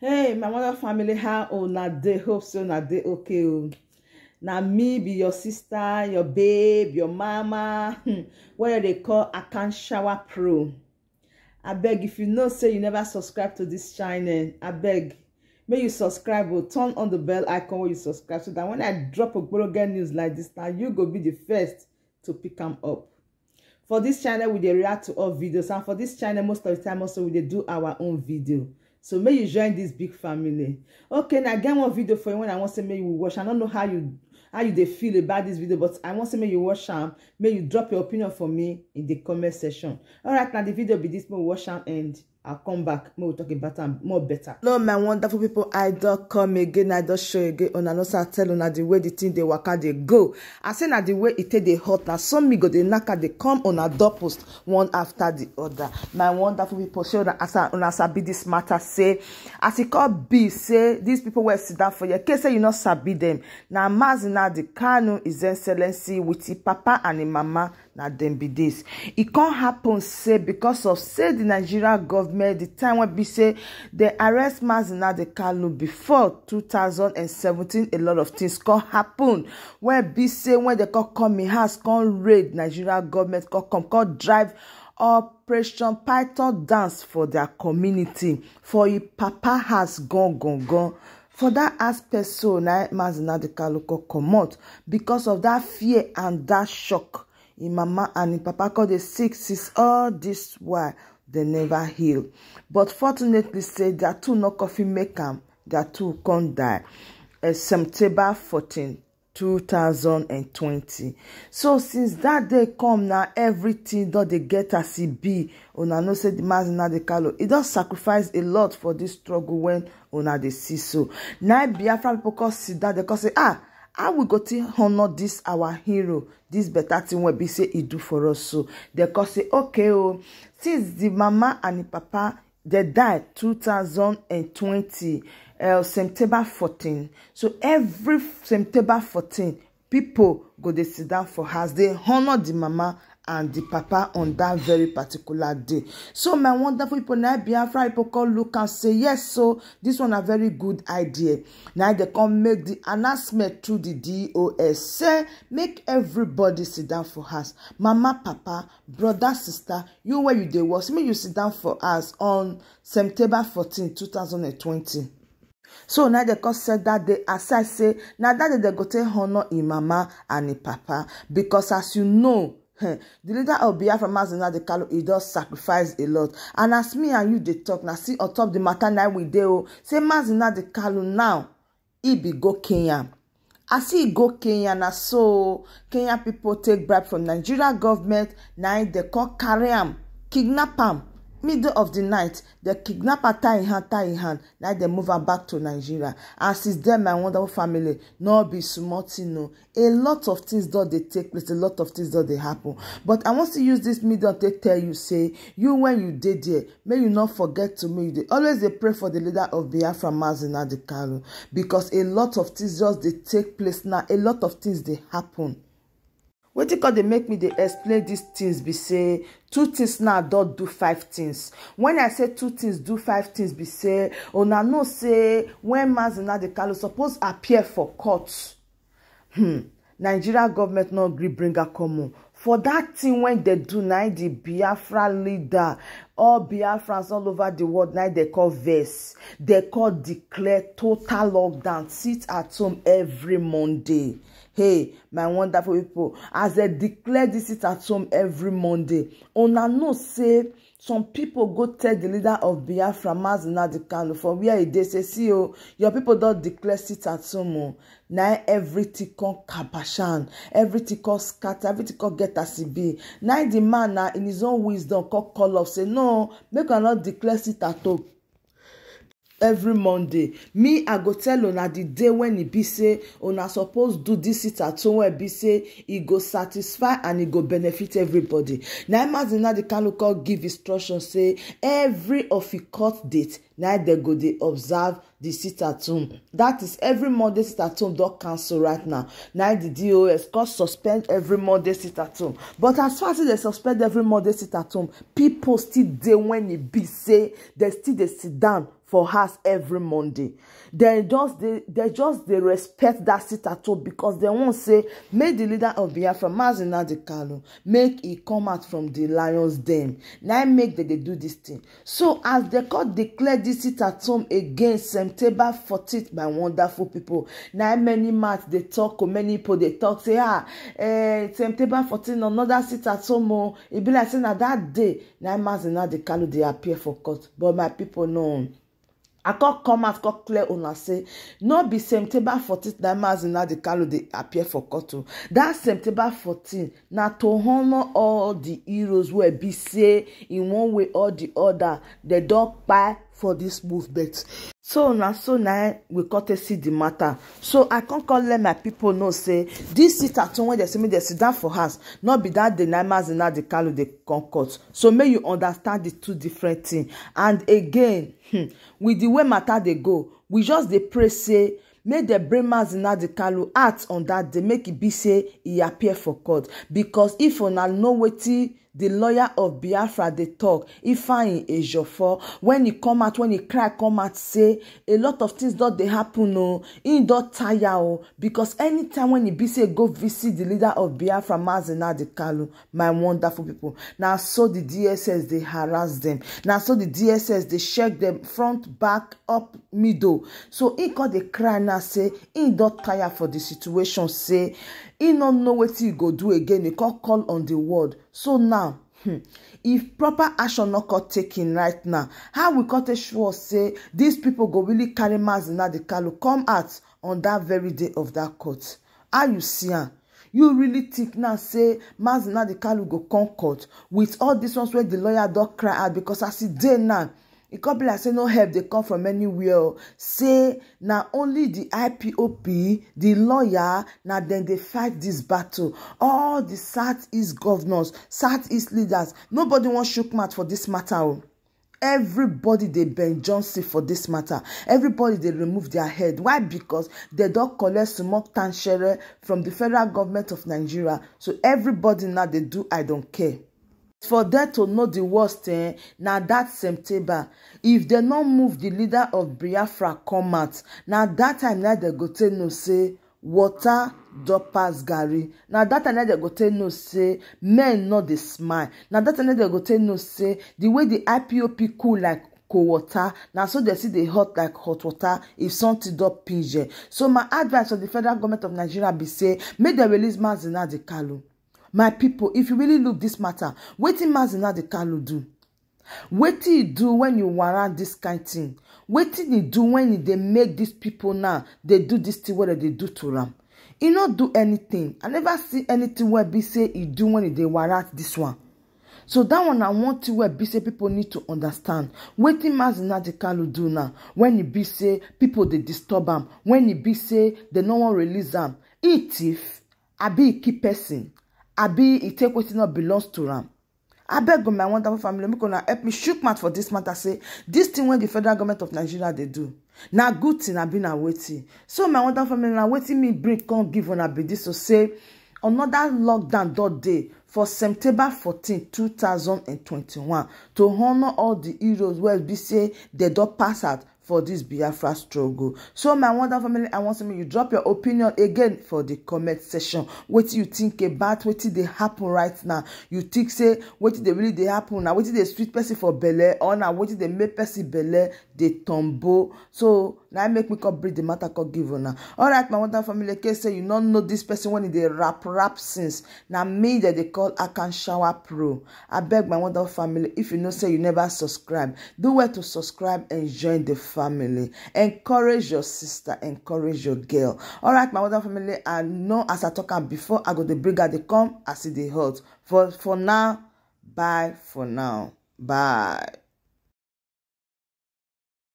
hey my mother family how una oh, dey hope so una dey okay o oh. na me be your sister your babe your mama hmm, they call? I can shower pro I beg if you know say you never subscribe to this channel I beg may you subscribe or oh. turn on the bell icon wey you subscribe so that when i drop a blog news like this now you go be the first to pick them up for this channel we dey react to all videos and for this channel most of the time also we dey do our own video so may you join this big family okay na get one video for you when i want say make you watch i don't know how you how you they feel about this video but i want say make you watch them. May you drop your opinion for me in the comment section All right, now the video be this, make we watch am end I'll come back. More talking better and more better. Hello, my wonderful people. I don't come again. I don't show again. On another tell on the way the thing they waka they go. I say na the way it e take the hot. Now some me go they knacka they come on a door post one after the other. My wonderful people. Show that as on as I be this matter say as it e called be say these people were sit down for you. case say you not sabi them. Now Mazina the Kanu is excellency with the papa and the mama na dem be this. It e can't happen say because of say the nigeria government The time when be say the arrest mazinadi kalu before 2017 a lot of things con happen When be say when dem con come im house con raid nigeria government con come con drive operation python dance for their community for im e papa has gone gone gone for dat aspect so na mazinadi come out because of that fear and that shock In mama and in papa called dey sick since all this while they never heal but fortunately say that two no coffee make am dia two can't die eh, september 14 2020 so since that day come now, everything that they get as e be una no say the di man the kanu It does sacrifice a lot for this struggle when una dey see so Now e biafra pipo come sit that they come say ah how we go to honor this our hero this better thing wey be say he do for us so they come say okay oh, since the mama and the papa they died two thousand and twenty uh, september fourteen so every september fourteen people go dey sit down for us. They honor the mama and the papa on that very particular day. So my wonderful people, now Biafra people come look and say, yes, so this one a very good idea. Now they come make the announcement to the DOS. Say, make everybody sit down for us. Mama, papa, brother, sister, you where you they was. Me, you sit down for us on September 14, 2020. so now they come set that day as I say Now that day dey go take honour im mama and im papa because as you know the leader of biafra mazin nnamdi Kalu he does sacrifice a lot and as me and you dey talk now see on top the matter na we dey o oh. say mazin nnamdi Kalu now he be go kenya as e go kenya now so kenya people take bribe from nigeria government Now they call come carry am kidnap am middle of the night the kidnapper her tie her tie hand na dem move her back to nigeria and since den my wonderful family no be small tin o a lot of things don dey take place a lot of things don dey happen but i wan still use this medium take tell you say you when you dey there may you not forget to me you dey always dey pray for the leader of biafra mazi nnamdi kanu because a lot of things just dey take place now a lot of things dey happen wetin come dey make me dey explain these things be say two things now don do five things when i say two things do five things be say una know say when mazin adekalo suppose appear for court hmm, nigeria government no gree bring her come o for that thing wey dem do na the biafra leader all biafrans all over the world na dem call vex dem call declare total lockdown sit at home every monday Hey, my wonderful people, as they declare this is at home every Monday, una know say some people go tell the leader of Biafra, Mazi Nnamdi Kanu, for where e dey say, see oh, your people don't declare sit at home o. Oh. Na everything called kabashan, everything called scatter, everything called get as e be. Na the man na in his own wisdom called call up say, no, make una no declare sit at home every monday me i go tell una the day when e be say una suppose do this sit at home wey e be say e go satisfy and e go benefit everybody na imazina the kanu call give instruction say every of e court date na dem go dey observe the sit at home that is every monday sit at home don cancel right now na the dos come suspend every monday sit at home but as far as dem suspend every monday sit at home people still dey when e be say dem still dey sit down for us every monday they just they they just they respect that sit at all because they won't say make the leader of biafra mazin nnamdi kanu make e come out from the lions den Now im make that they do this thing so as the court declared this sit at home against september fourteenth by wonderful people. Now many mouth they talk o oh, many people they talk say ah eh, september fourteenth another sit at home o oh. e be like saying that day na mazin nnamdi kanu dey appear for court but my people know i come come out come clear una say Not be september fourteen na mazin nadi kano dey appear for court oh. that september fourteen Now to honor all the heroes wey be say in one way or the other dem don kpai for this movement so now, so now we got to see the matter so i can't call let my people know say this sit at home wey dey see me they sit down for us. Not be that day na mazina the kalu dey come court so may you understand the two different things and again hmm, with the way matter they go we just dey pray say make dem bring mazina the kalu out on that day make it be say he appear for court because if una know waiting the lawyer of biafra dey tok ifeanyi ejiofor when e come out when e cry come out say a lot of things don dey happen o oh. He don tire o oh, because anytime wen e be say go visit the leader of biafra mazi nnamdi kanu my wonderful people na so the dss dey harass them. na so the dss dey check them front back up middle so he come dey cry now say he don tire for the situation say e no know wetin e go do again e come call on the word. so now hmm, if proper action not come taken right now how we come take sure say these people go really carry mass mazina di kalu come out on that very day of that court how you see am you really think now say mass mazina di kalu go come court with all dis ones wey the lawyer don't cry out because I see day now e come be like say no help dey come from anywhere say na only the ipop the lawyer na dem dey fight this battle all di southeast governors southeast leaders nobody wan chook mouth for this matter o. Oh. everybody dey bend johnson for this matter everybody dey remove their head why because dem don collect small tanshere from the federal government of nigeria so everybody now dey do i don care for dem to know the worst eh, na dat september if they no move the leader of biafra come out na that time na dem go take know say water don pass garri na dat time na dem go take know say men no dey smile na that time na dem go take know say The way di ipop cool like cold water na so they still dey hot like hot water if something don pinch dem so my advice for the federal government of nigeria be say make dem release mazina dikalu my people, if you really look this matter wetin mazinadi kalu do wetin he do when e warrant this kind thing? wetin he do when e dey make these people now dey do this tin wey dem dey do to am He no do anything. i never see anything wey be say he do when e dey warrant dis one so that one na one thing wey be say people need to understand wetin mazinadi kalu do now When he be say people dey disturb am When he be say dem no wan release am e thief abi e kill person abi e take wetin no belongs to am abeg o my wonderful family make una help me shook mouth for dis matter say dis thing wey di federal government of nigeria dey do na good thing abi na wetin so my wonderful family na wetin me bring come give una be dis so say another lockdown don dey for september fourteen, two thousand and twenty one to honour all di heroes wey be say dem don pass out for this Biafra struggle. So my wonderful family, I want to make you drop your opinion again for the comment section. What you think about what did they happen right now? You think say what did they really they happen now? What did they street person for belle or now what they make person belle they tumble? So Now i make me come bring the matter come give now. All right, my wonderful family case say you no know this person when they rap rap since now me that they call I can shower pro I beg my wonderful family if you know say you never subscribe do well to subscribe and join the family encourage your sister encourage your girl All right, my wonderful family i know as i talk am before i go dey bring her dey come as e dey hot for for now bye for now bye.